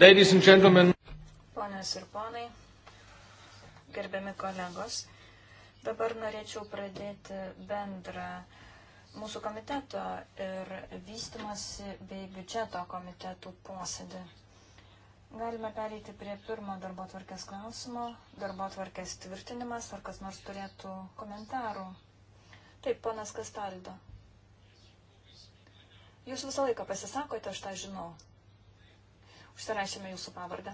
Ladies and gentlemen. Ponios ir ponai, gerbiami kolegos, dabar norėčiau pradėti bendrą mūsų komiteto ir vystimosi bei biudžeto komitetų posėdį. Galime pereiti prie pirmo darbo tvarkės klausimo. Darbo tvarkės tvirtinimas, ar kas nors turėtų komentarų. Taip, ponas Kastaldo. Jūs visą laiką pasisakote, aš tą žinau užsirašėme jūsų pavardę.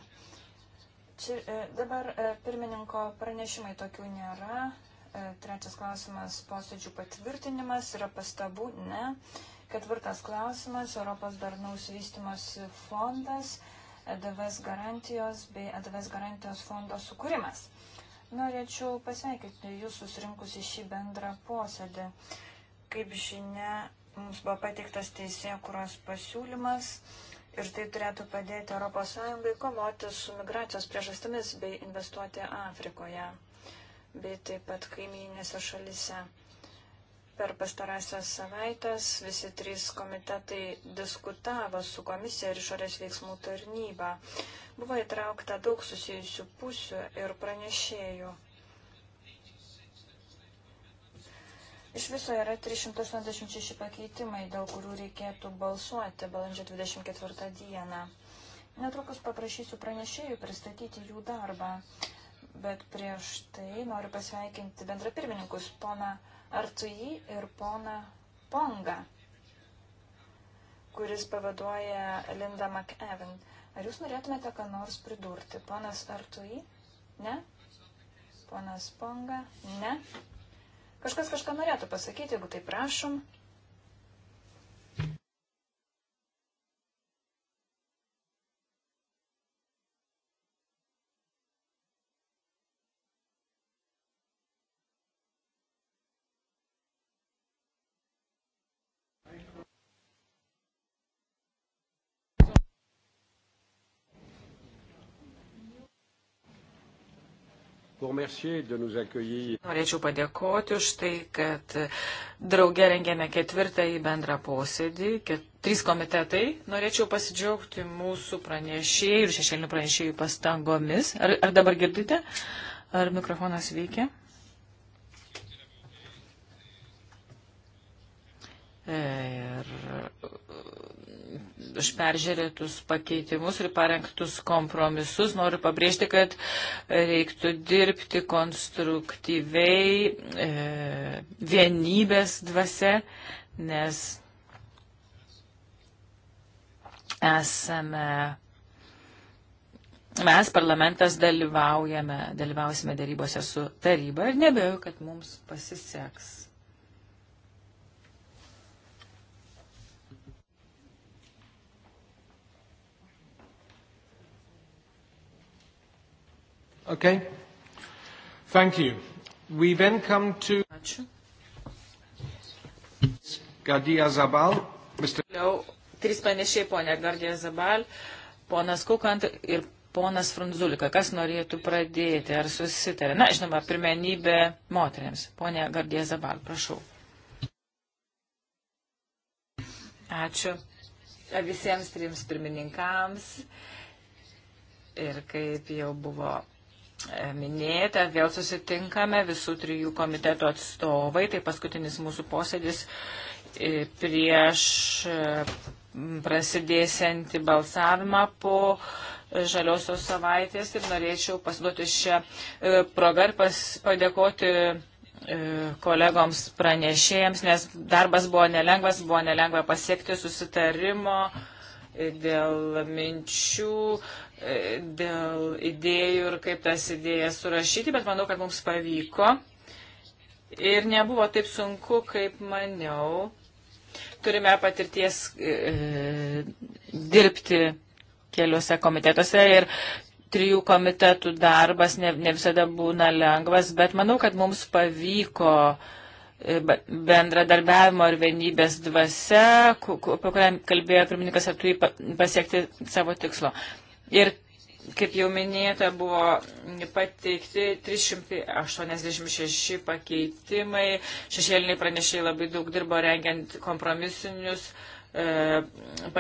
Čia, e, dabar e, pirmininko pranešimai tokių nėra. E, trečias klausimas - posėdžių patvirtinimas. Yra pastabų? Ne. Ketvirtas klausimas - Europos darnaus vystimosi fondas, EDVS garantijos bei EDVS garantijos fondo sukūrimas. Norėčiau pasveikinti jūs susirinkus į šį bendrą posėdį. Kaip žinia, mums buvo pateiktas teisė, kurios pasiūlymas ir tai turėtų padėti ES kovoti su migracijos priežastimis bei investuoti Afrikoje, bei taip pat kaimininėse šalise. Per pastarąsias savaitės visi trys komitetai diskutavo su komisija ir išorės veiksmų tarnyba. Buvo įtraukta daug susijusių pusių ir pranešėjų. Iš viso yra 386 pakeitimai, dėl kurių reikėtų balsuoti balandžio 24 dieną. Netrukus paprašysiu pranešėjų pristatyti jų darbą, bet prieš tai noriu pasveikinti bendrapirmininkus poną Artui ir poną Ponga, kuris pavaduoja Linda McEvin. Ar jūs norėtumėte ką nors pridurti? Ponas Artui? Ne? Ponas Ponga? Ne? Kažkas kažką norėtų pasakyti, jeigu tai prašom. Norėčiau padėkoti už tai, kad draugė rengėme ketvirtąjį bendrą posėdį, ket... trys komitetai. Norėčiau pasidžiaugti mūsų pranešėjų ir šešėlinių pranešėjų pastangomis. Ar, ar dabar girdite? Ar mikrofonas veikia? E, ir už peržiūrėtus pakeitimus ir parengtus kompromisus. Noriu pabrėžti, kad reiktų dirbti konstruktyviai, e, vienybės dvasia, nes esame. Mes, parlamentas, dalyvaujame, dalyvausime darybose su taryba ir nebejoju, kad mums pasiseks. Okay. Thank you. We then come to Ačiū. Gadia Zabal. Mr. Liau, trys panešiai, ponia Gardija Zabal, ponas Kukant ir ponas Frunzulika. Kas norėtų pradėti? Ar susitarė? Na, žinoma, pirmenybė moteriams. Ponia Gardija Zabal, prašau. Ačiū visiems trims pirmininkams. Ir kaip jau buvo minėjote, vėl susitinkame visų trijų komitetų atstovai. Tai paskutinis mūsų posėdis e, prieš e, prasidėsianti balsavimą po e, žaliosios savaitės ir norėčiau pasiduoti šią progą ir pas, padėkoti kolegoms pranešėjams, nes darbas buvo nelengvas, buvo nelengva pasiekti susitarimo dėl minčių, E, dėl idėjų ir kaip tas idėjas surašyti, bet manau, kad mums pavyko. Ir nebuvo taip sunku, kaip maniau. Turime patirties e, dirbti keliuose komitetuose ir trijų komitetų darbas ne, ne visada būna lengvas, bet manau, kad mums pavyko e, bendradarbiavimo ir vienybės dvasia, apie kurią kalbėjo pirmininkas Artui, pasiekti savo tikslo. Ir, kaip jau minėta, buvo pateikti 386 pakeitimai. Šešėliniai pranešiai labai daug dirbo rengiant kompromisinius e,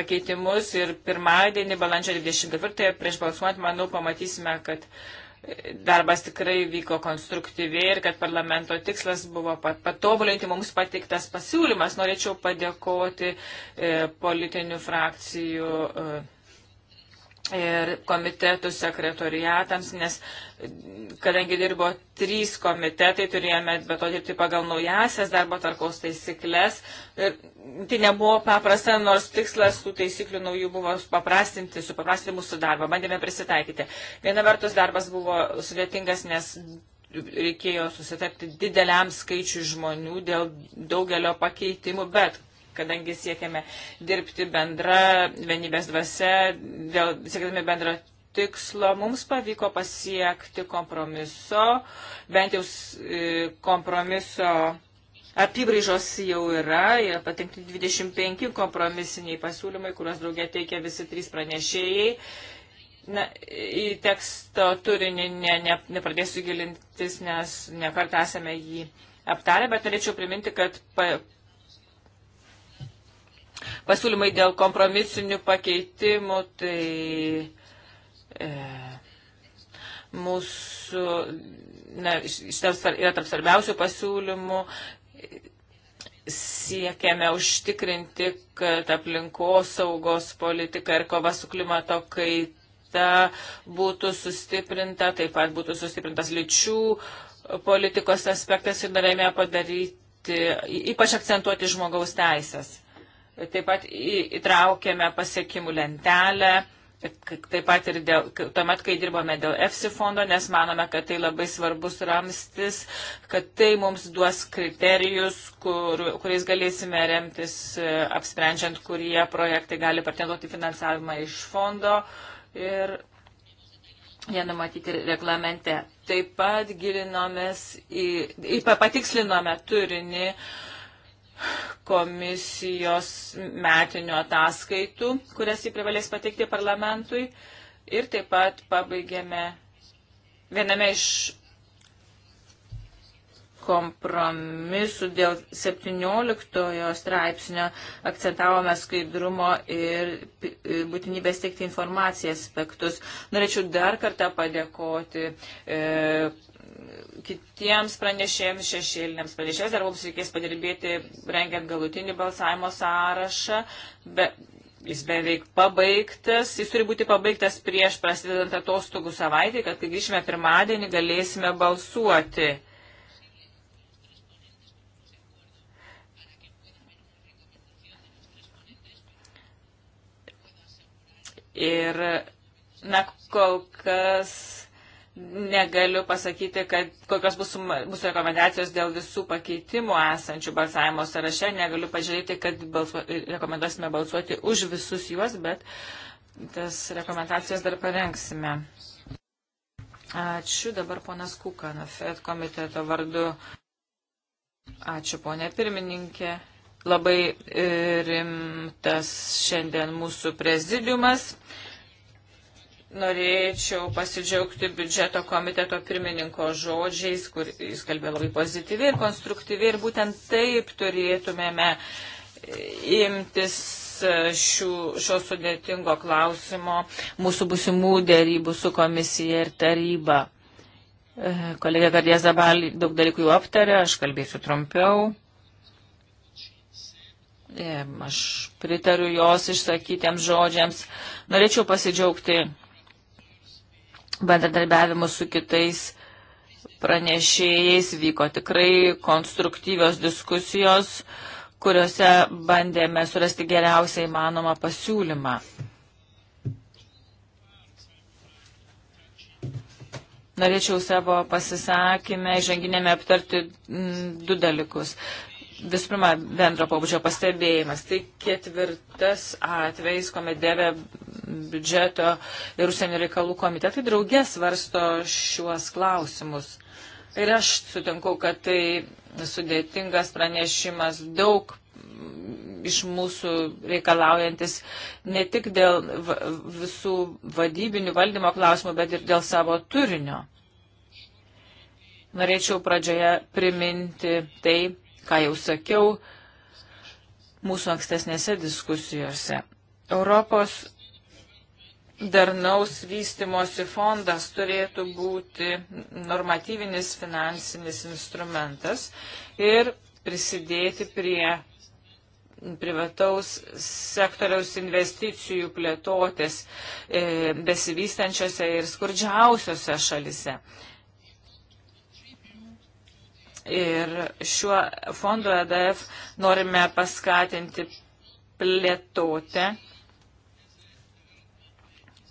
pakeitimus ir pirmadienį, balandžio 24-ąją, prieš balsuojant, manau, pamatysime, kad darbas tikrai vyko konstruktyviai ir kad parlamento tikslas buvo patobulinti mums pateiktas pasiūlymas. Norėčiau padėkoti e, politinių frakcijų e, ir komitetų sekretoriatams, nes mm, kadangi dirbo trys komitetai, turėjome be to dirbti pagal naujasias darbo tarkos taisyklės. Ir tai nebuvo paprasta, nors tikslas tų taisyklių naujų buvo paprastinti, supaprastinti mūsų darbą, bandėme prisitaikyti. Viena vertus darbas buvo sudėtingas, nes reikėjo susitarti dideliam skaičiui žmonių dėl daugelio pakeitimų, bet kadangi siekiame dirbti bendra vienybės dvasia, dėl, siekdami bendro tikslo, mums pavyko pasiekti kompromiso, bent jau e, kompromiso apibraižos jau yra, yra patinkti 25 kompromisiniai pasiūlymai, kuriuos draugė teikia visi trys pranešėjai. Na, į teksto turinį ne, ne, nepradėsiu gilintis, nes nekartą esame jį aptarę, bet norėčiau priminti, kad pa, pasiūlymai dėl kompromisinių pakeitimų, tai e, mūsų, na, šitas yra tarp svarbiausių pasiūlymų. Siekiame užtikrinti, kad aplinkos saugos politika ir kova su klimato kaita būtų sustiprinta, taip pat būtų sustiprintas lyčių politikos aspektas ir norėjome padaryti, ypač akcentuoti žmogaus teisės. Taip pat įtraukėme pasiekimų lentelę, taip pat ir dėl, tuomet, kai dirbome dėl EFSI fondo, nes manome, kad tai labai svarbus ramstis, kad tai mums duos kriterijus, kur, kuriais galėsime remtis, e, apsprendžiant, kurie projektai gali pretenduoti finansavimą iš fondo. Ir jie numatyti reglamente. Taip pat gilinomės į, į patikslinome turinį, uh, komisijos metinių ataskaitų, kurias jį privalės pateikti parlamentui. Ir taip pat pabaigėme viename iš kompromisų dėl 17 straipsnio akcentavome skaidrumo ir būtinybės teikti informaciją aspektus. Norėčiau dar kartą padėkoti e, kitiems pranešėjams, šešėliniams pranešėjams, dar mums reikės padirbėti, rengiant galutinį balsavimo sąrašą, bet jis beveik pabaigtas, jis turi būti pabaigtas prieš prasidedant atostogų savaitį, kad kai grįšime pirmadienį galėsime balsuoti. Ir, na, kol kas negaliu pasakyti, kad kokios bus mūsų rekomendacijos dėl visų pakeitimų esančių balsavimo sąraše. Negaliu pažiūrėti, kad balsu, rekomenduosime balsuoti už visus juos, bet tas rekomendacijas dar parengsime. Ačiū dabar ponas Kukana, FED komiteto vardu. Ačiū ponė pirmininkė. Labai e, rimtas šiandien mūsų prezidiumas. Norėčiau pasidžiaugti biudžeto komiteto pirmininko žodžiais, kur jis kalbėjo labai pozityviai ir konstruktyviai ir būtent taip turėtumėme e, imtis e, šių, šio sudėtingo klausimo mūsų busimų dėrybų su komisija ir taryba. E, Kolegė Gardė Zabalį daug dalykų jau aptarė, aš kalbėsiu trumpiau. Aš pritariu jos išsakytiems žodžiams. Norėčiau pasidžiaugti bendradarbiavimu su kitais pranešėjais vyko tikrai konstruktyvios diskusijos, kuriuose bandėme surasti geriausią įmanomą pasiūlymą. Norėčiau savo pasisakymę, ženginėme aptarti mm, du dalykus visų pirma bendro pobūdžio pastebėjimas. Tai ketvirtas atvejs, kuomet dėvė biudžeto ir užsienio reikalų komitetai draugė svarsto šiuos klausimus. Ir aš sutinku, kad tai sudėtingas pranešimas daug iš mūsų reikalaujantis ne tik dėl visų vadybinių valdymo klausimų, bet ir dėl savo turinio. Norėčiau pradžioje priminti tai, ką jau sakiau mūsų ankstesnėse diskusijose. Europos darnaus vystimosi fondas turėtų būti normatyvinis finansinis instrumentas ir prisidėti prie privataus sektoriaus investicijų plėtotės e, besivystančiose ir skurdžiausiose šalise. E, Ir šiuo fondu EDF norime paskatinti plėtotę.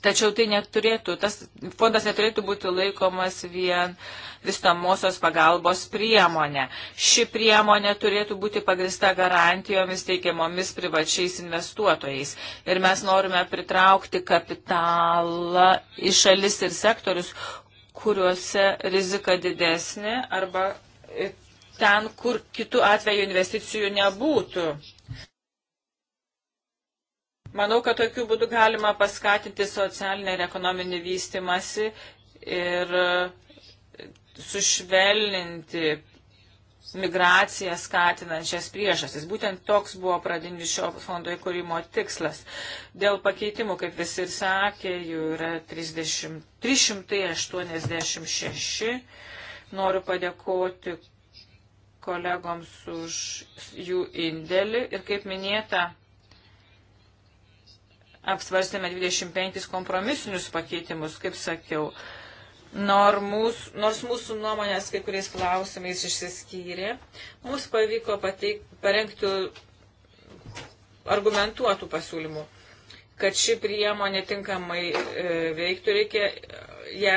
Tačiau tai neturėtų, tas fondas neturėtų būti laikomas vien vystamosios pagalbos priemonė. Ši priemonė turėtų būti pagrista garantijomis teikiamomis privačiais investuotojais. Ir mes norime pritraukti kapitalą į šalis ir sektorius, kuriuose rizika didesnė arba ten, kur kitų atveju investicijų nebūtų. Manau, kad tokiu būdu galima paskatinti socialinę ir ekonominį vystimasi ir e, sušvelninti migraciją skatinančias priežastis. Būtent toks buvo pradinis šio fondo įkūrimo tikslas. Dėl pakeitimų, kaip visi ir sakė, jų yra 30, 386. Noriu padėkoti kolegoms už jų indėlį ir kaip minėta, apsvarstėme 25 kompromisinius pakeitimus, kaip sakiau. Nor mūsų, nors mūsų nuomonės kai kuriais klausimais išsiskyrė, mums pavyko pateik, parengti argumentuotų pasiūlymų. Kad ši priemonė tinkamai e, veiktų, reikia ją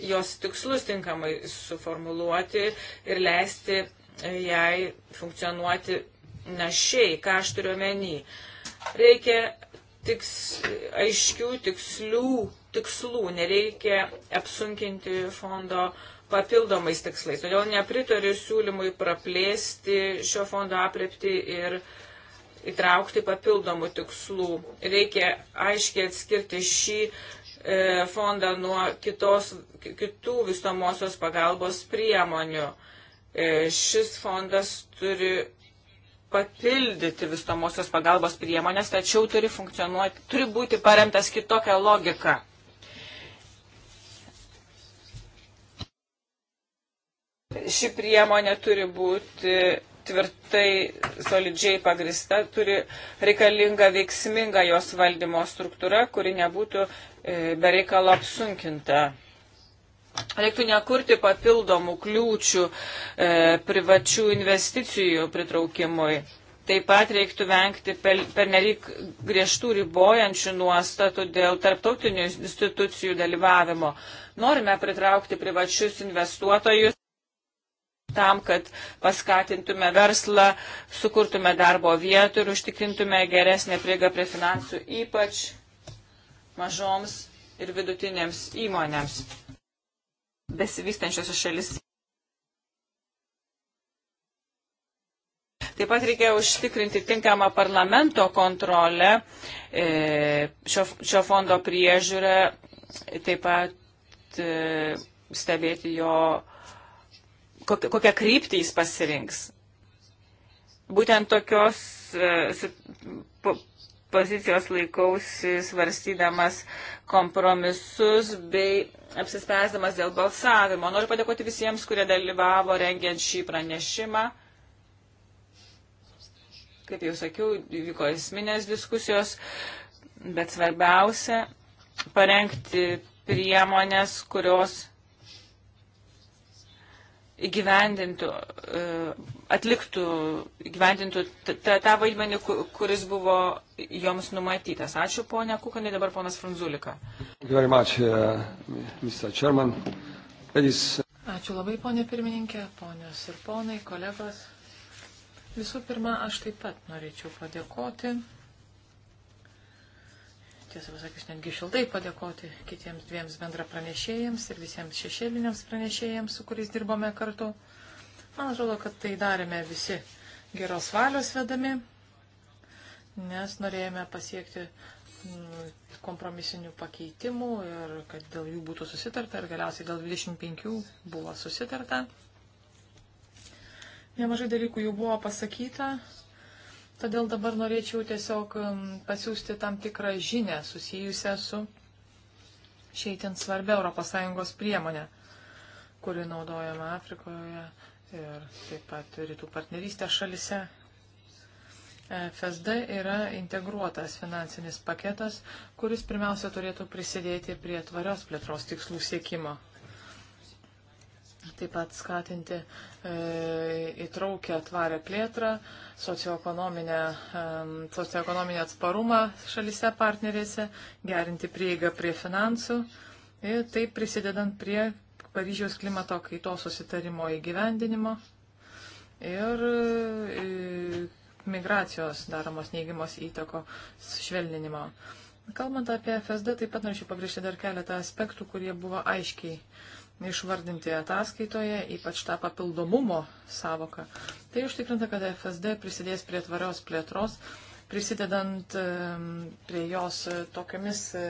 jos tikslus tinkamai suformuluoti ir leisti jai funkcionuoti našiai, ką aš turiu menį. Reikia tiks, aiškių tikslių, tikslų, nereikia apsunkinti fondo papildomais tikslais. Todėl nepritariu siūlymui praplėsti šio fondo aprepti ir įtraukti papildomų tikslų. Reikia aiškiai atskirti šį E, fondą nuo kitos, kitų vystomosios pagalbos priemonių. E, šis fondas turi papildyti vystomosios pagalbos priemonės, tačiau turi funkcionuoti, turi būti paremtas kitokią logiką. Ši priemonė turi būti tvirtai, solidžiai pagrista, turi reikalinga veiksminga jos valdymo struktūra, kuri nebūtų E, bereikalo apsunkinta. Reiktų nekurti papildomų kliūčių e, privačių investicijų pritraukimui. Taip pat reiktų vengti pernelyg griežtų ribojančių nuostatų dėl tarptautinių institucijų dalyvavimo. Norime pritraukti privačius investuotojus tam, kad paskatintume verslą, sukurtume darbo vietų ir užtikrintume geresnę prieigą prie finansų, ypač mažoms ir vidutinėms įmonėms besivystančiose šalis. Taip pat reikia užtikrinti tinkamą parlamento kontrolę, e, šio, šio fondo priežiūrę, taip pat e, stebėti jo, kokią kryptį jis pasirinks. Būtent tokios e, pozicijos laikausi svarstydamas kompromisus bei apsispręsdamas dėl balsavimo. Noriu padėkoti visiems, kurie dalyvavo rengiant šį pranešimą. Kaip jau sakiau, vyko esminės diskusijos, bet svarbiausia parengti priemonės, kurios įgyvendintų, e, atliktų, įgyvendintų tą vaidmenį, kuris buvo joms numatytas. Ačiū ponia Kukanai, dabar ponas Franzulika. Uh, uh, Ačiū labai ponia pirmininkė, ponios ir ponai, kolegos. Visų pirma, aš taip pat norėčiau padėkoti tiesą pasakius, netgi šiltai padėkoti kitiems dviems bendra pranešėjams ir visiems šešėliniams pranešėjams, su kuriais dirbome kartu. Man atrodo, kad tai darėme visi geros valios vedami, nes norėjome pasiekti mm, kompromisinių pakeitimų ir kad dėl jų būtų susitarta ir galiausiai dėl 25 buvo susitarta. Nemažai dalykų jau buvo pasakyta, Todėl dabar norėčiau tiesiog um, pasiūsti tam tikrą žinę susijusią su šeitin svarbia ES priemonė, kuri naudojama Afrikoje ir taip pat rytų partnerystės šalise. FSD yra integruotas finansinis paketas, kuris pirmiausia turėtų prisidėti prie tvarios plėtros tikslų siekimo taip pat skatinti e, įtraukę tvarę plėtrą, socioekonominę, e, socioekonominę atsparumą šalise partnerėse, gerinti prieigą prie finansų ir taip prisidedant prie Paryžiaus klimato kaitos susitarimo įgyvendinimo ir e, migracijos daromos neįgymos įtako švelninimo. Kalbant apie FSD, taip pat norėčiau pabrėžti dar keletą aspektų, kurie buvo aiškiai išvardinti ataskaitoje, ypač tą papildomumo savoką. Tai užtikrinta, kad FSD prisidės prie tvarios plėtros, prisidedant prie jos e, tokiamis e,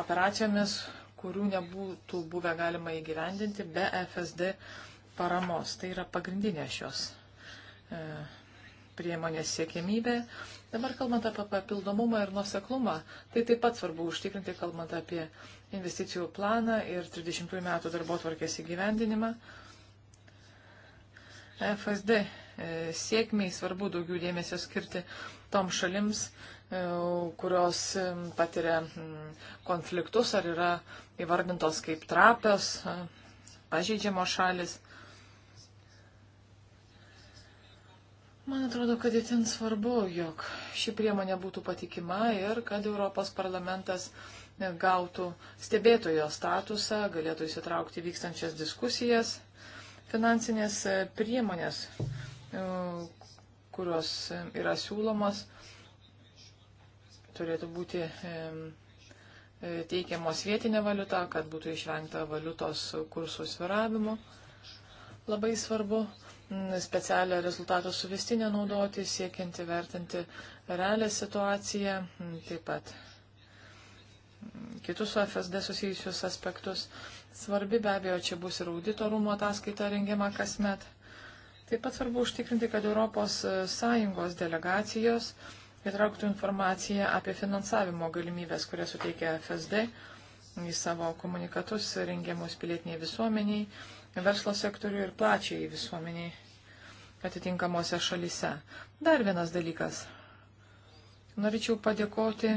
operacijomis, kurių nebūtų buvę galima įgyvendinti be FSD paramos. Tai yra pagrindinė šios e, priemonės siekėmybė. Dabar kalbant apie papildomumą ir nuoseklumą, tai taip pat svarbu užtikrinti, kalbant apie investicijų planą ir 30 metų darbo tvarkės įgyvendinimą. FSD e, sėkmiai svarbu daugiau dėmesio skirti tom šalims, e, kurios e, patiria mm, konfliktus ar yra įvardintos kaip trapios, pažeidžiamos šalis. Man atrodo, kad itin svarbu, jog ši priemonė būtų patikima ir kad Europos parlamentas uh, gautų stebėtojo statusą, galėtų įsitraukti vykstančias diskusijas. Finansinės e, priemonės, e, kurios yra siūlomos, turėtų būti e, teikiamos vietinė valiuta, kad būtų išvengta valiutos kursų sviravimo. Labai svarbu specialią rezultatų suvestinę naudoti, siekiant įvertinti realią situaciją, taip pat kitus su FSD susijusius aspektus. Svarbi be abejo čia bus ir audito rūmo ataskaita rengiama kasmet. Taip pat svarbu užtikrinti, kad ES e, delegacijos įtrauktų informaciją apie finansavimo galimybės, kurias suteikia FSD į savo komunikatus rengiamus pilietiniai visuomeniai, verslo sektoriui ir plačiai visuomeniai atitinkamose šalise. Dar vienas dalykas. Norėčiau padėkoti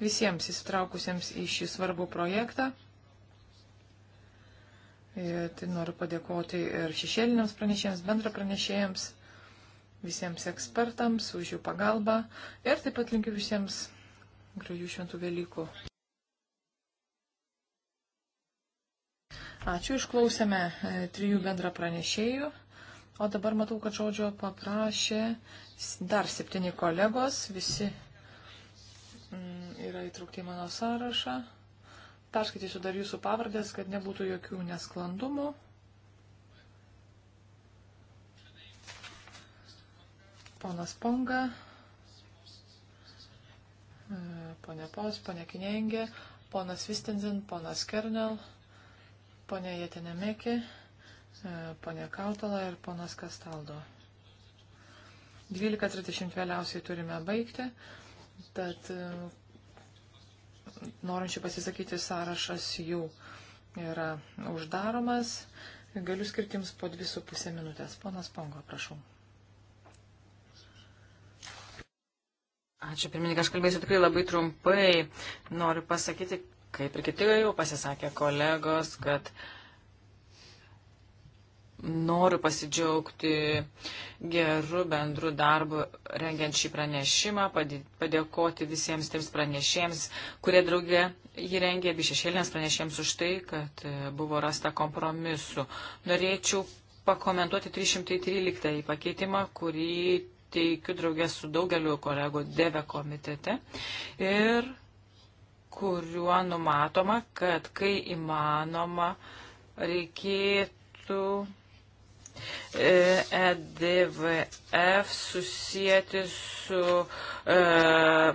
visiems įsitraukusiems į šį svarbų projektą. Ir tai noriu padėkoti ir šešėliniams pranešėjams, bendra pranešėjams, visiems ekspertams už jų pagalbą ir taip pat linkiu visiems gražių šventų Velykų. Ačiū, išklausėme e, trijų bendra pranešėjų. O dabar matau, kad žodžio paprašė dar septyni kolegos, visi Mm, yra įtraukti į mano sąrašą. Perskaitysiu dar jūsų pavardės, kad nebūtų jokių nesklandumų. Ponas Ponga, e, ponė Pos, ponė Kinengė, ponas Vistenzin, ponas Kernel, ponė Jetenemekė, e, ponė Kautala ir ponas Kastaldo. 12.30 vėliausiai turime baigti. Tad e, norinčių pasisakyti sąrašas jau yra uždaromas. Galiu skirti jums po dvi su pusė minutės. Ponas Pongo, prašau. Ačiū, pirmininkai, aš kalbėsiu tikrai labai trumpai. Noriu pasakyti, kaip ir kiti jau pasisakė kolegos, kad uh, noriu pasidžiaugti geru bendru darbu rengiant šį pranešimą, padėkoti visiems tiems pranešėjams, kurie draugė jį rengė, bei šešėlinės pranešėjams už tai, kad e, buvo rasta kompromisu. Norėčiau pakomentuoti 313 pakeitimą, kurį teikiu draugės su daugeliu kolegų DEVE komitete. Ir kuriuo numatoma, kad kai įmanoma reikėtų EDVF e susijęti su, uh,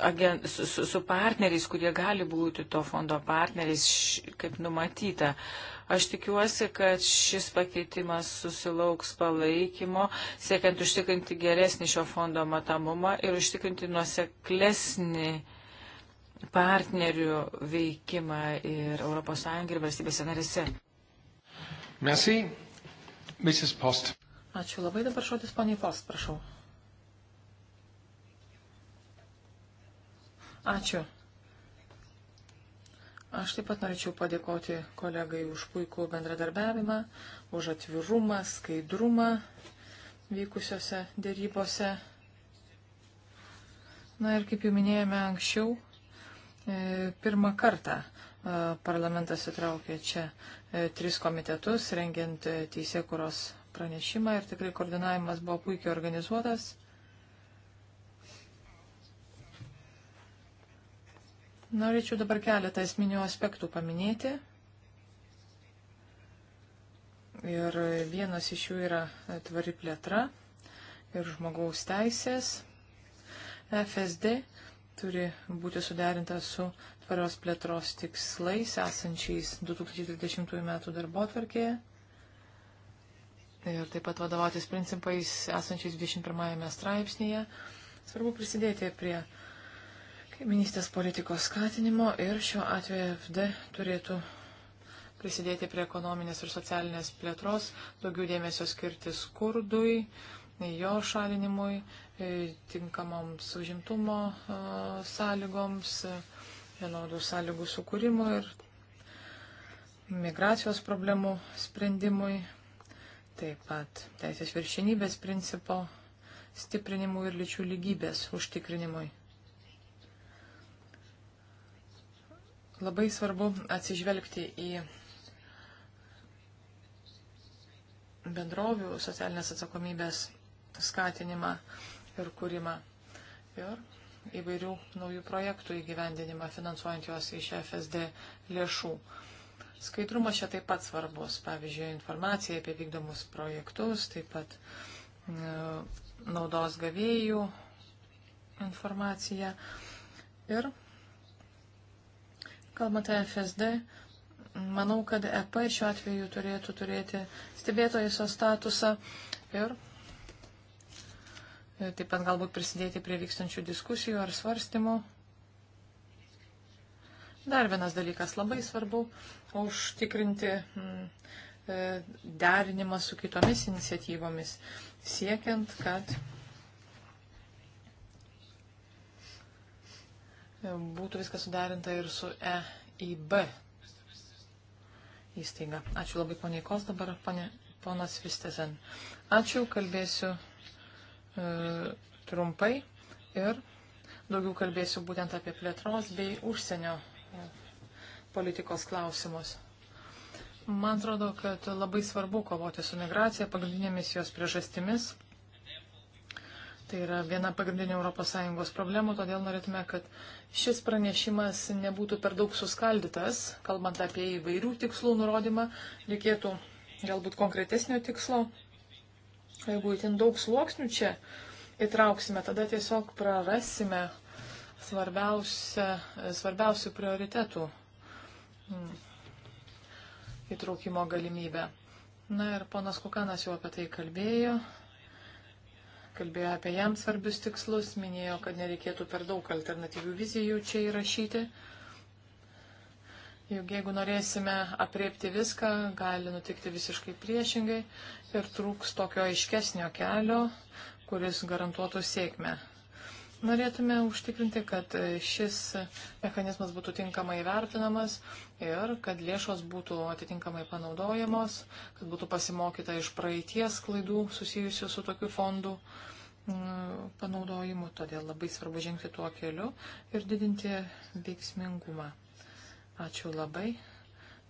agen, su, su, su partneriais, kurie gali būti to fondo partneriais, š, kaip numatyta. Aš tikiuosi, kad šis pakeitimas susilauks palaikymo, siekiant užtikrinti geresnį šio fondo matomumą ir užtikrinti nuoseklesnį partnerių veikimą ir ES ir valstybėse narėse. Merci. Mrs. Post. Ačiū labai dabar šodis poniai Post, prašau. Ačiū. Aš taip pat norėčiau padėkoti kolegai už puikų bendradarbiavimą, už atvirumą, skaidrumą vykusiose dėrybose. Na ir kaip jau minėjome anksčiau, e, pirmą kartą parlamentas įtraukė čia e, tris komitetus, rengiant e, teisėkuros pranešimą ir tikrai koordinavimas buvo puikiai organizuotas. Norėčiau dabar keletą esminių aspektų paminėti. Ir vienas iš jų yra e, tvari plėtra ir žmogaus teisės. FSD turi būti suderinta su tvarios plėtros tikslais esančiais 2030 m. darbo atvarkėje ir taip pat vadovautis principais esančiais 21 straipsnėje. Svarbu prisidėti prie kaiminystės politikos skatinimo ir šiuo atveju FD turėtų prisidėti prie ekonominės ir socialinės plėtros, daugiau dėmesio skirti skurdui, jo šalinimui, tinkamoms užimtumo sąlygoms. Uh, vienodų sąlygų sukūrimo ir migracijos problemų sprendimui, taip pat teisės viršinybės principo stiprinimui ir lyčių lygybės užtikrinimui. Labai svarbu atsižvelgti į bendrovių socialinės atsakomybės skatinimą ir kūrimą. Ir įvairių naujų projektų įgyvendinimą, finansuojant juos iš FSD lėšų. Skaidrumas čia taip pat svarbus, pavyzdžiui, informacija apie vykdomus projektus, taip pat e, naudos gavėjų informacija. Ir kalbant apie FSD, manau, kad EP šiuo atveju turėtų turėti stebėtojuso statusą ir E, taip pat galbūt prisidėti prie vykstančių diskusijų ar svarstymų. Dar vienas dalykas labai svarbu - užtikrinti mm, e, derinimą su kitomis iniciatyvomis, siekiant, kad e, būtų viskas suderinta ir su EIB įstaiga. Ačiū labai poniai Kos, dabar ponė, ponas Vistezen. Ačiū, kalbėsiu E, trumpai ir daugiau kalbėsiu būtent apie plėtros bei užsienio politikos klausimus. Man atrodo, kad labai svarbu kovoti su migracija pagrindinėmis jos priežastimis. Tai yra viena pagrindinė ES problemų, todėl norėtume, kad šis pranešimas nebūtų per daug suskaldytas, kalbant apie įvairių tikslų nurodymą, reikėtų galbūt konkretesnio tikslo Jeigu įtin daug sluoksnių čia įtrauksime, tada tiesiog prarasime svarbiausių prioritetų mm, įtraukimo galimybę. Na ir ponas Kukanas jau apie tai kalbėjo kalbėjo apie jam svarbius tikslus, minėjo, kad nereikėtų per daug alternatyvių vizijų čia įrašyti. Juk jeigu norėsime apriepti viską, gali nutikti visiškai priešingai ir trūks tokio aiškesnio kelio, kuris garantuotų sėkmę. Norėtume užtikrinti, kad šis mechanizmas būtų tinkamai vertinamas ir kad lėšos būtų atitinkamai panaudojamos, kad būtų pasimokyta iš praeities klaidų susijusių su tokiu fondu mm, panaudojimu. Todėl labai svarbu žengti tuo keliu ir didinti veiksmingumą. Ačiū labai.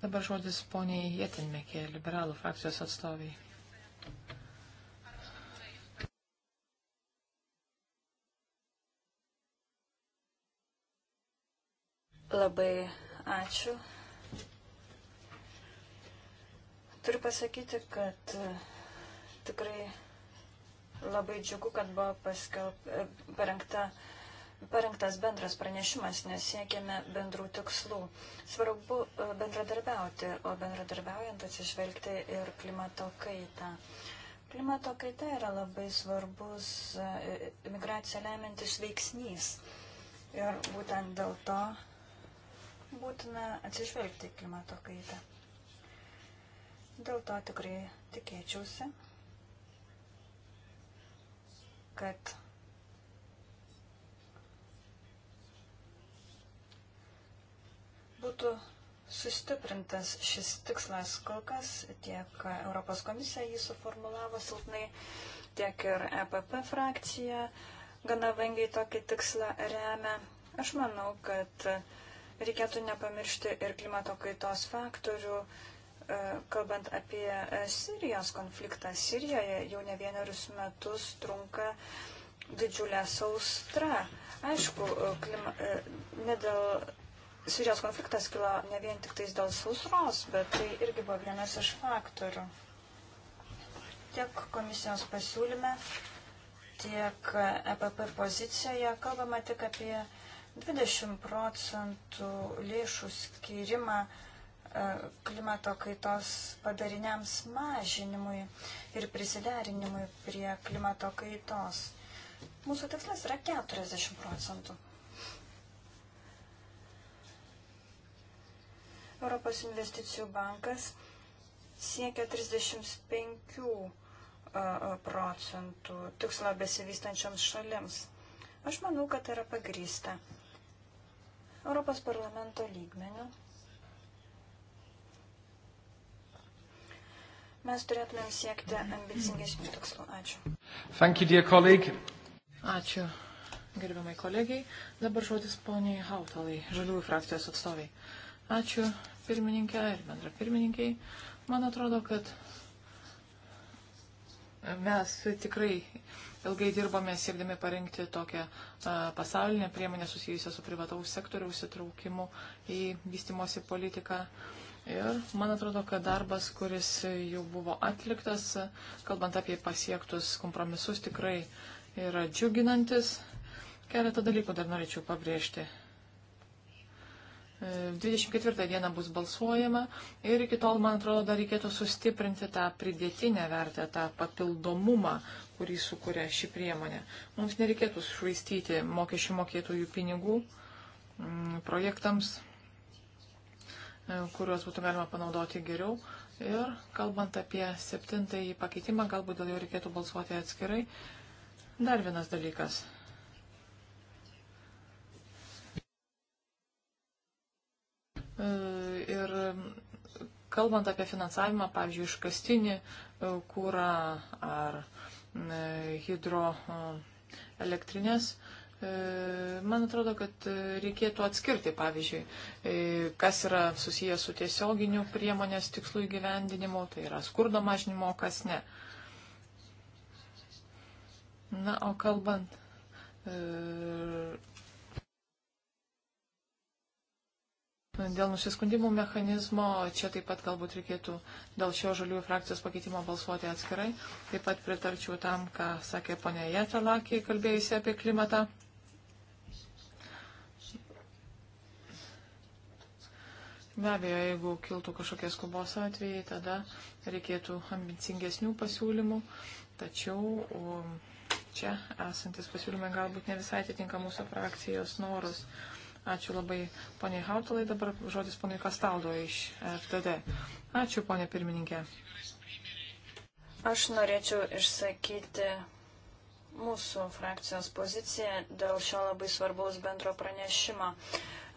Dabar žodis poniai Jetinmekė, liberalų frakcijos atstoviai. Labai ačiū. Turiu pasakyti, kad e, tikrai labai džiugu, kad buvo paskelb, e, parengta uh, parengtas bendras pranešimas, nes siekiame bendrų tikslų. Svarbu e, bendradarbiauti, o bendradarbiaujant atsižvelgti ir klimato kaitą. Klimato kaita yra labai svarbus e, migraciją lemiantis veiksnys. Ir būtent dėl to būtina atsižvelgti į klimato kaitą. Dėl to tikrai tikėčiausi, kad būtų sustiprintas šis tikslas kol kas, tiek Europos komisija jį suformulavo silpnai, tiek ir EPP frakcija gana vangiai tokį tikslą remia. Aš manau, kad reikėtų nepamiršti ir klimato kaitos faktorių. E, kalbant apie Sirijos konfliktą, Sirijoje jau ne vienerius metus trunka didžiulė saustra. Aišku, e, klima, e, ne dėl Sirijos konfliktas kilo ne vien tik tais dėl sausros, bet tai irgi buvo vienas iš faktorių. Tiek komisijos pasiūlyme, tiek EPP pozicijoje kalbama tik apie 20 procentų lėšų skirimą e, klimato kaitos padariniams mažinimui ir prisiderinimui prie klimato kaitos. Mūsų tikslas yra 40 procentų. Europos investicijų bankas siekia 35 procentų tikslo besivystančioms šalims. Aš manau, kad yra pagrįsta. Europos parlamento lygmenių mes turėtumėm siekti ambicingesnių tikslų. Ačiū. Thank you, dear colleague. Ačiū, gerbiamai kolegiai. Dabar žodis poniai Hautalai, žaliųjų frakcijos atstoviai. Ačiū pirmininkė ir bendra pirmininkiai. Man atrodo, kad mes tikrai ilgai dirbome siekdami parengti tokią a, pasaulinę priemonę susijusią su privataus sektoriaus įtraukimu į vystimosi politiką. Ir man atrodo, kad darbas, kuris jau buvo atliktas, kalbant apie pasiektus kompromisus, tikrai yra džiuginantis. Keletą dalykų dar norėčiau pabrėžti. 24 e, dieną bus balsuojama ir iki tol, man atrodo, dar reikėtų sustiprinti tą pridėtinę vertę, tą papildomumą, kurį sukuria ši priemonė. Mums nereikėtų švaistyti mokesčių mokėtojų pinigų mm, projektams, e, kuriuos būtų galima panaudoti geriau. Ir kalbant apie septintąjį pakeitimą, galbūt dėl jo reikėtų balsuoti atskirai. Dar vienas dalykas E, ir kalbant apie finansavimą, pavyzdžiui, iškastinį e, kūrą ar e, hidroelektrinės, man atrodo, kad reikėtų atskirti, pavyzdžiui, kas yra susijęs su tiesioginiu priemonės tikslų įgyvendinimu, tai yra skurdo mažinimo, kas ne. Na, o kalbant Dėl nusiskundimų mechanizmo čia taip pat galbūt reikėtų dėl šio žaliųjų frakcijos pakeitimo balsuoti atskirai. Taip pat pritarčiau tam, ką sakė ponė Jetalakė, kalbėjusi apie klimatą. Be abejo, jeigu kiltų kažkokie skubos atvejai, tada reikėtų ambicingesnių pasiūlymų, tačiau um, čia esantis pasiūlymai galbūt ne visai atitinka mūsų frakcijos norus. Ačiū labai poniai Hautalai, dabar žodis poniai Kastaldo iš FTD. Ačiū ponė pirmininkė. Aš norėčiau išsakyti mūsų frakcijos poziciją dėl šio labai svarbaus bendro pranešimo.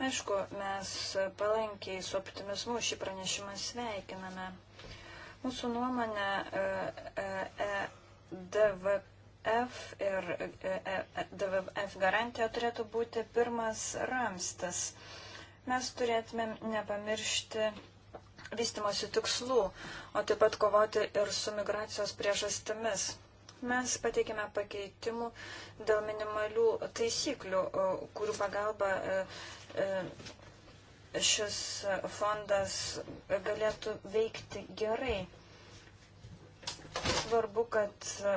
Aišku, mes palankiai su optimizmu šį pranešimą sveikiname. Mūsų nuomonė, e, e, e, DVP F ir e, e, e, DVF garantija turėtų būti pirmas ramstas. Mes turėtumėm nepamiršti vystimosi tikslų, o taip pat kovoti ir su migracijos priežastimis. Mes pateikėme pakeitimų dėl minimalių taisyklių, kurių pagalba šis fondas galėtų veikti gerai svarbu, kad e,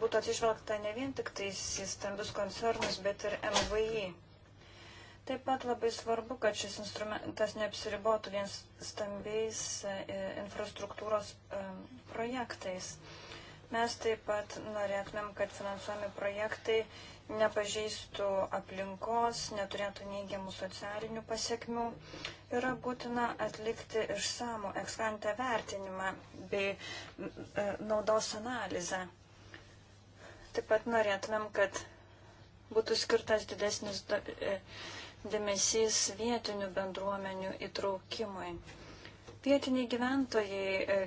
būtų atsižvelgta ne vien tik tais į stambius koncernus, bet ir MVI. Taip pat labai svarbu, kad šis instrumentas neapsiribotų vien stambiais e, infrastruktūros e, projektais. Mes taip pat norėtumėm, kad finansuomi projektai nepažeistų aplinkos, neturėtų neigiamų socialinių pasiekmių yra būtina atlikti išsamų ekskantę vertinimą bei e, naudos analizę. Taip pat norėtumėm, kad būtų skirtas didesnis e, dėmesys vietinių bendruomenių įtraukimui. Vietiniai gyventojai e,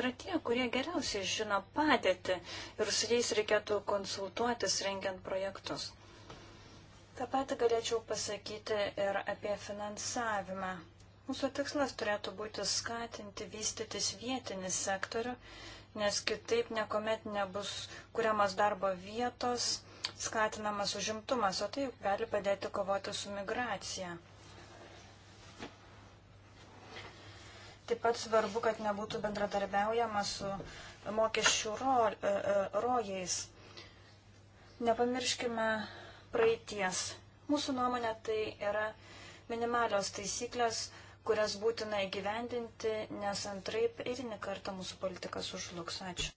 yra tie, kurie geriausiai žino padėtį ir su jais reikėtų konsultuotis rengiant projektus. Ta pati galėčiau pasakyti ir apie finansavimą. Mūsų tikslas turėtų būti skatinti vystytis vietinį sektorių, nes kitaip niekuomet nebus kuriamas darbo vietos, skatinamas užimtumas, o tai gali padėti kovoti su migracija. Taip pat svarbu, kad nebūtų bendradarbiaujama su mokesčių ro, e, e, rojais. Nepamirškime praeities. Mūsų nuomonė tai yra minimalios taisyklės, kurias būtina įgyvendinti, nes antraip ir nekartą mūsų politika sužlugs. Ačiū.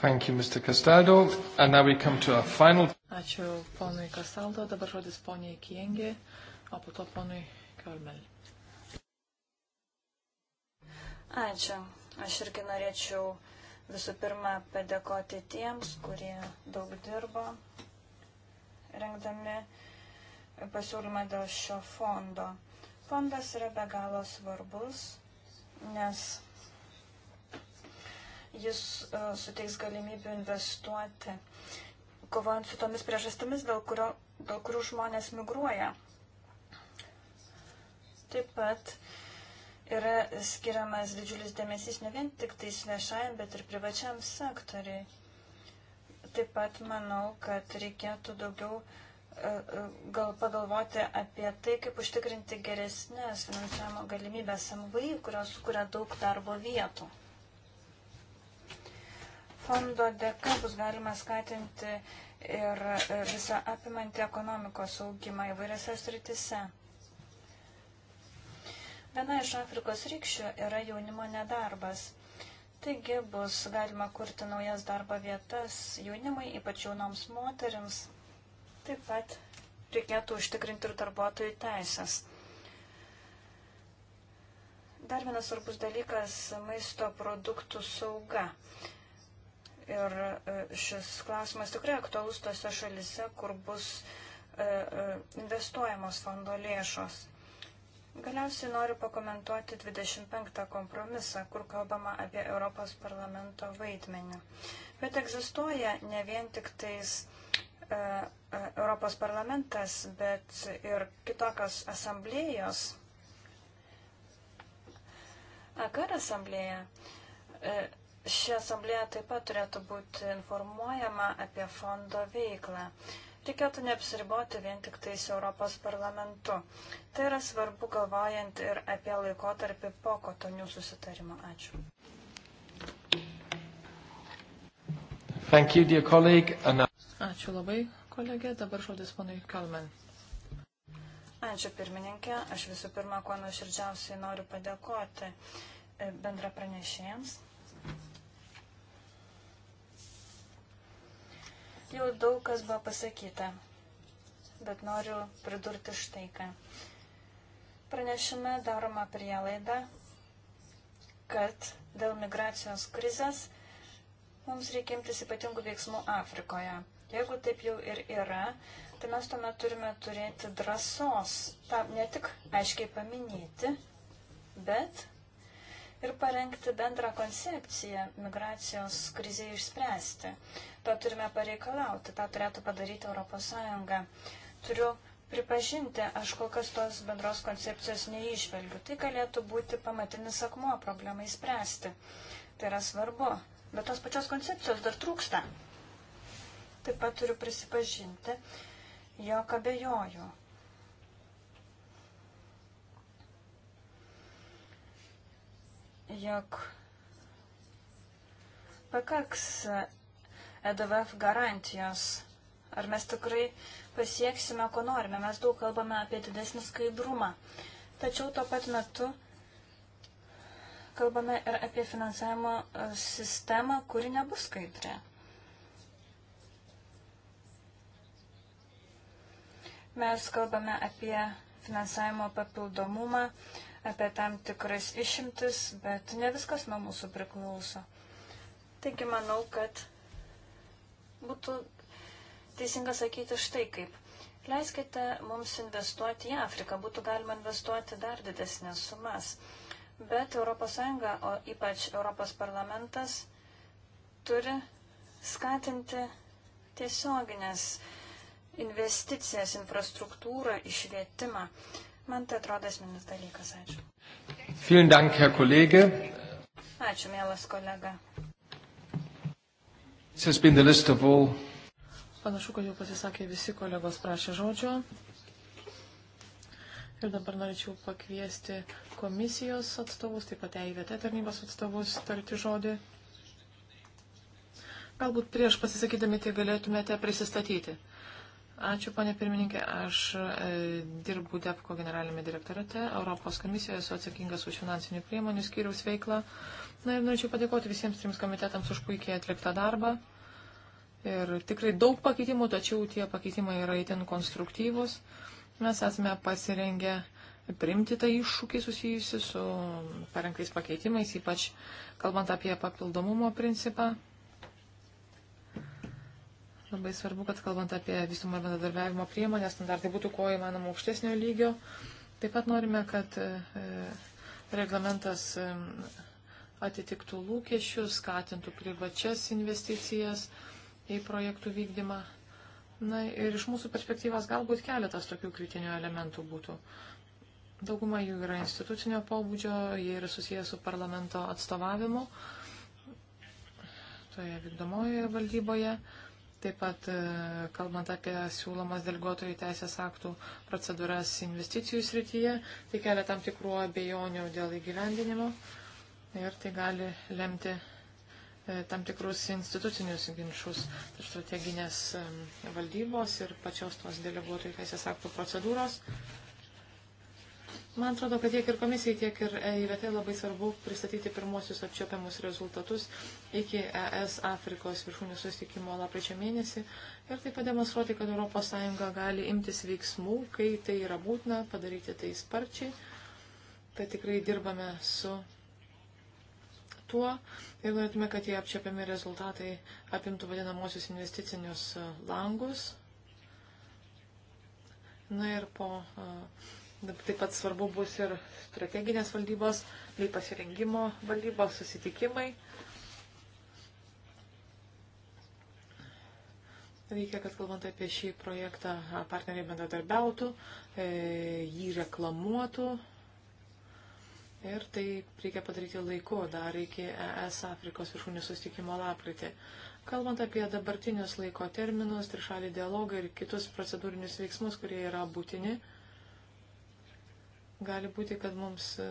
Thank you, Mr. Castaldo. And now we come to our final. Ačiū ponui Castaldo, dabar žodis poniai Kiengi, o po to ponui Kalmel. Ačiū. Aš irgi norėčiau visų pirma padėkoti tiems, kurie daug dirbo, rengdami pasiūlymą dėl šio fondo. Fondas yra be galo svarbus, nes jis uh, suteiks galimybių investuoti, kovojant su tomis priežastimis, dėl, kurio, dėl kurių žmonės migruoja. Taip pat yra skiriamas didžiulis dėmesys ne vien tik tais viešajam, bet ir privačiam sektoriai. Taip pat manau, kad reikėtų daugiau e, e, gal pagalvoti apie tai, kaip užtikrinti geresnės finansavimo galimybės MVI, kurios sukuria daug darbo vietų. Fondo dėka bus galima skatinti ir e, visą apimantį ekonomikos augimą įvairiose sritise. Viena iš Afrikos rykščių yra jaunimo nedarbas. Taigi bus galima kurti naujas darbo vietas jaunimui, ypač jaunoms moteriams. Taip pat reikėtų užtikrinti ir darbuotojų teisės. Dar vienas svarbus dalykas - maisto produktų sauga. Ir e, šis klausimas tikrai aktualus tose šalise, kur bus e, e, investuojamos fondo lėšos. Galiausiai noriu pakomentuoti 25 kompromisą, kur kalbama apie Europos parlamento vaidmenį. Bet egzistuoja ne vien tik tais e, e Europos parlamentas, bet ir kitokios asamblėjos. Akar asamblėja. E, ši asamblėja taip pat turėtų būti informuojama apie fondo veiklą. E, reikėtų neapsiriboti vien tik tais Europos parlamentu. Tai yra svarbu galvojant ir apie laikotarpį po kotonių susitarimo. Ačiū. Thank you, dear colleague. And... Uh, Ačiū labai, kolegė. Dabar žodis ponui Kalmen. Ačiū pirmininkė. Aš visų pirma, kuo nuoširdžiausiai noriu padėkoti e, bendra pranešėjams Jau daug kas buvo pasakyta, bet noriu pridurti štai ką. Pranešime daroma prielaida, kad dėl migracijos krizės mums reikia imtis ypatingų veiksmų Afrikoje. Jeigu taip jau ir yra, tai mes tuomet turime turėti drąsos tą ne tik aiškiai paminėti, bet ir parengti bendrą koncepciją migracijos krizėje išspręsti. To turime pareikalauti, tą turėtų padaryti ES. Turiu pripažinti, aš kol kas tos bendros koncepcijos neišvelgiu. Tai galėtų būti pamatinis akmuo problemai spręsti. Tai yra svarbu. Bet tos pačios koncepcijos dar trūksta. Taip pat turiu prisipažinti, jog abejoju, jog pakaks EDVF garantijos. Ar mes tikrai pasieksime, ko norime. Mes daug kalbame apie didesnį skaidrumą. Tačiau tuo pat metu kalbame ir apie finansavimo e, sistemą, kuri nebus skaidri. Mes kalbame apie finansavimo papildomumą, apie tam tikras išimtis, bet ne viskas nuo mūsų priklauso. Taigi manau, kad būtų teisinga sakyti štai kaip. Leiskite mums investuoti į Afriką, būtų galima investuoti dar didesnės sumas. Bet ES, o ypač ES parlamentas, turi skatinti tiesioginės investicijas, infrastruktūrą, išvietimą. Man tai atrodo esminis dalykas. Ačiū. Vielen Dank, Herr Kollege. Ačiū, mielas kolega. Panašu, kad jau pasisakė visi kolegos prašė žodžio. Ir dabar norėčiau pakviesti komisijos atstovus, taip pat EIVT tarnybos atstovus tarti žodį. Galbūt prieš pasisakydami tai galėtumėte prisistatyti. Ačiū, ponė pirmininkė. Aš e, dirbu DEPCO generalinėme direktorate. Europos komisijoje esu atsakingas už finansinių priemonių skyriaus veiklą. Na ir norėčiau padėkoti visiems trims komitetams už puikiai atliktą darbą. Ir tikrai daug pakeitimų, tačiau tie pakeitimai yra itin konstruktyvūs. Mes esame pasirengę priimti tą iššūkį susijusi su parengtais pakeitimais, ypač kalbant apie papildomumo principą. Labai svarbu, kad kalbant apie visumą bendradarbiavimo priemonę, standartai būtų kuo įmanoma aukštesnio lygio. Taip pat norime, kad e, reglamentas e, atitiktų lūkesčius, skatintų privačias investicijas į projektų vykdymą. Na ir iš mūsų perspektyvos galbūt keletas tokių kritinių elementų būtų. Dauguma jų yra institucinio pobūdžio, jie yra susijęs su parlamento atstovavimu toje vykdomojoje valdyboje. Taip pat, e, kalbant apie siūlomas deleguotojų teisės aktų procedūras investicijų srityje, tai kelia tam tikrų abejonių dėl įgyvendinimo ir tai gali lemti e, tam tikrus institucinius ginčius tarp strateginės e, valdybos ir pačios tos deleguotojų teisės aktų procedūros. Man atrodo, kad tiek ir komisijai, tiek ir EIVT labai svarbu pristatyti pirmosius apčiopiamus rezultatus iki ES Afrikos viršūnių susitikimo lapkričio mėnesį ir taip pademonstruoti, kad ES gali imtis veiksmų, kai tai yra būtina, padaryti tai sparčiai. Tai tikrai dirbame su tuo ir norėtume, kad tie apčiopiami rezultatai apimtų vadinamosius investicinius langus. Na ir po. Uh, Taip pat svarbu bus ir strateginės valdybos bei pasirengimo valdybos susitikimai. Reikia, kad kalbant apie šį projektą, partneriai bendradarbiautų, e, jį reklamuotų. Ir tai reikia padaryti laiku, dar iki ES Afrikos viršūnių sustikimo lapkritį. Kalbant apie dabartinius laiko terminus, trišalį dialogą ir kitus procedūrinius veiksmus, kurie yra būtini, gali būti, kad mums e,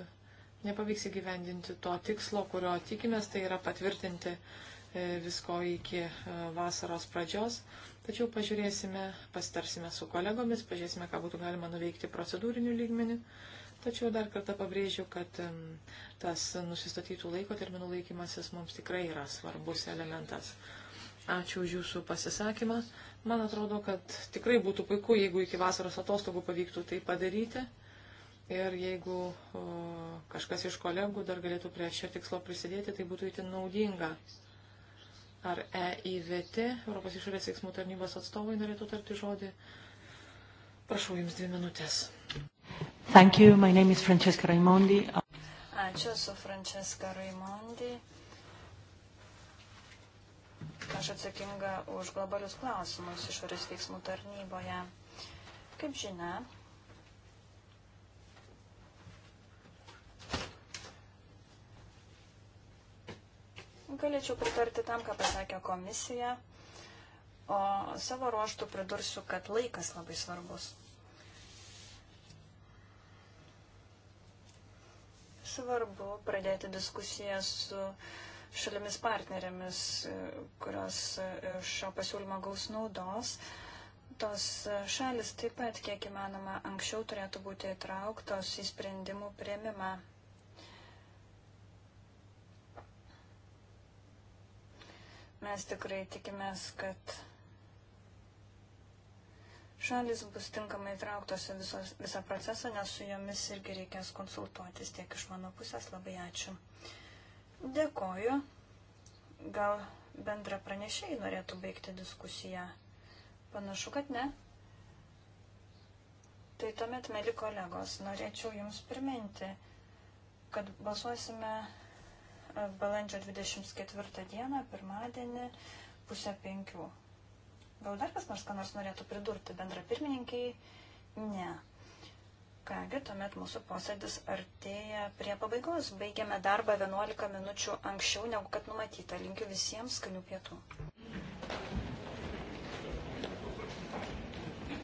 nepavyks įgyvendinti to tikslo, kurio tikimės, tai yra patvirtinti e, visko iki e, vasaros pradžios. Tačiau pažiūrėsime, pasitarsime su kolegomis, pažiūrėsime, ką būtų galima nuveikti procedūriniu lygmeniu. Tačiau dar kartą pabrėžiu, kad tas nusistatytų laiko terminų laikymasis mums tikrai yra svarbus elementas. Ačiū už Jūsų pasisakymą. Man atrodo, kad tikrai būtų puiku, jeigu iki vasaros atostogų pavyktų tai padaryti. Ir jeigu o, kažkas iš kolegų dar galėtų prie šio tikslo prisidėti, tai būtų įtin naudinga. Ar EIVT, Europos išorės veiksmų tarnybos atstovai, norėtų tarti žodį? Prašau, jums dvi minutės. Thank you. My name is Francesca Raimondi. Ačiū, esu Francesca Raimondi. Aš atsakinga už globalius klausimus išorės veiksmų tarnyboje. Kaip žinia, Galėčiau pritarti tam, ką pasakė komisija, o savo ruoštų pridursiu, kad laikas labai svarbus. Svarbu pradėti diskusiją su šalimis partnerėmis, kurios iš šio pasiūlymo gaus naudos tos šalis taip pat, kiek įmanoma, anksčiau turėtų būti įtrauktos į sprendimų prieimimą Mes tikrai tikimės, kad šalis bus tinkamai įtrauktos į visą procesą, nes su jomis irgi reikės konsultuotis tiek iš mano pusės. Labai ačiū. Dėkoju. Gal bendra pranešėjai norėtų baigti diskusiją? Panašu, kad ne. Tai tuomet, mėly kolegos, norėčiau Jums priminti, kad balsuosime balandžio 24 dieną, pirmadienį, pusę penkių. Gal dar kas nors, ką nors norėtų pridurti bendra pirmininkiai? Ne. Kągi, tuomet mūsų posėdis artėja prie pabaigos. Baigiame darbą 11 minučių anksčiau, negu kad numatyta. Linkiu visiems skanių pietų.